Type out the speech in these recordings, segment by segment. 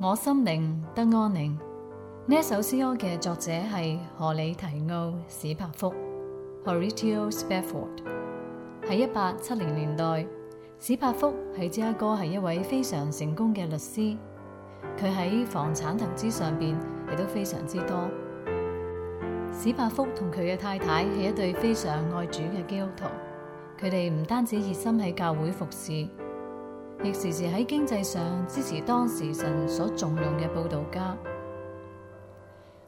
我心靈得安寧。呢首詩歌嘅作者係荷里提奧史柏福 （Horatio Spafford）。喺一八七零年代，史柏福喺芝加哥係一位非常成功嘅律師，佢喺房產投資上面亦都非常之多。史柏福同佢嘅太太係一對非常愛主嘅基督徒，佢哋唔單止熱心喺教會服侍。亦時時喺經濟上支持當時神所重用嘅布道家。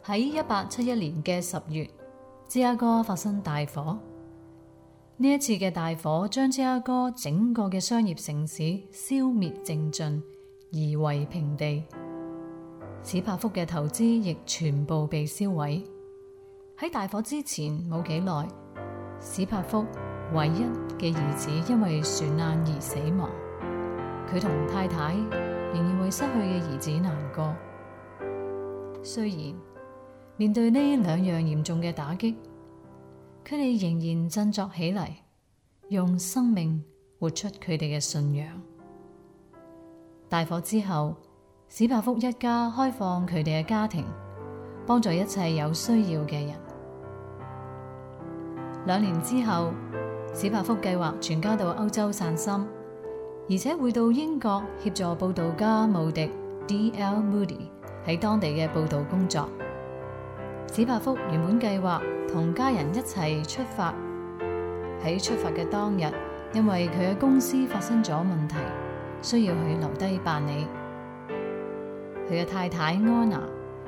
喺一八七一年嘅十月，芝加哥發生大火。呢一次嘅大火將芝加哥整個嘅商業城市消滅淨盡，夷為平地。史柏福嘅投資亦全部被燒毀。喺大火之前冇幾耐，史柏福唯一嘅兒子因為船難而死亡。佢同太太仍然為失去嘅兒子難過。雖然面對呢兩樣嚴重嘅打擊，佢哋仍然振作起嚟，用生命活出佢哋嘅信仰。大火之後，史柏福一家開放佢哋嘅家庭，幫助一切有需要嘅人。兩年之後，史柏福計劃全家到歐洲散心。而且會到英國協助報導家穆迪 （D. L. Moody） 喺當地嘅報導工作。史伯福原本計劃同家人一齊出發，喺出發嘅當日，因為佢嘅公司發生咗問題，需要佢留低辦理。佢嘅太太安娜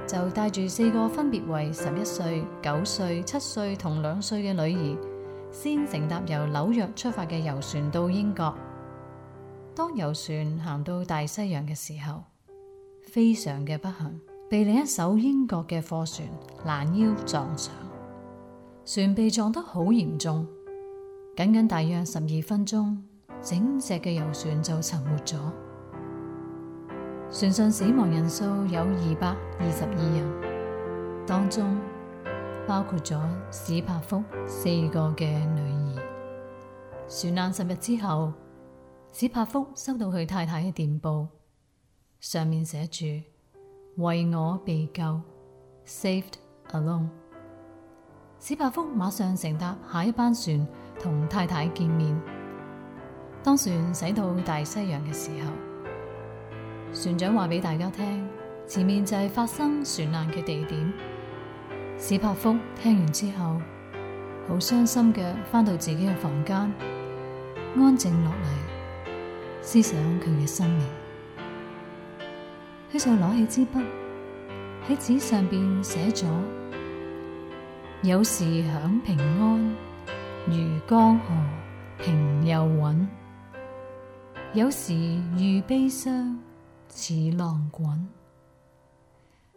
就帶住四個分別為十一歲、九歲、七歲同兩歲嘅女兒，先乘搭由紐約出發嘅遊船到英國。當遊船行到大西洋嘅時候，非常嘅不幸，被另一艘英國嘅貨船攔腰撞上，船被撞得好嚴重，僅僅大約十二分鐘，整隻嘅遊船就沉沒咗，船上死亡人數有二百二十二人，當中包括咗史柏福四個嘅女兒。船難十日之後。史柏福收到佢太太嘅電報，上面寫住為我被救 （saved alone）。史柏福馬上乘搭下一班船同太太見面。當船駛到大西洋嘅時候，船長話畀大家聽，前面就係發生船難嘅地點。史柏福聽完之後，好傷心嘅返到自己嘅房間，安靜落嚟。思想佢嘅生命，佢就攞起支筆喺紙上邊寫咗：有時享平安，如江河平又穩，有時遇悲傷似浪滾。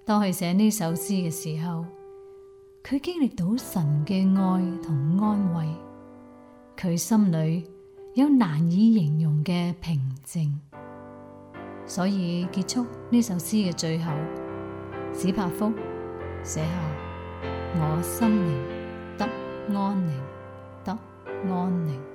當佢寫呢首詩嘅時候，佢經歷到神嘅愛同安慰，佢心裡。有難以形容嘅平靜，所以結束呢首詩嘅最後，史柏福寫下：我心靈得安寧，得安寧。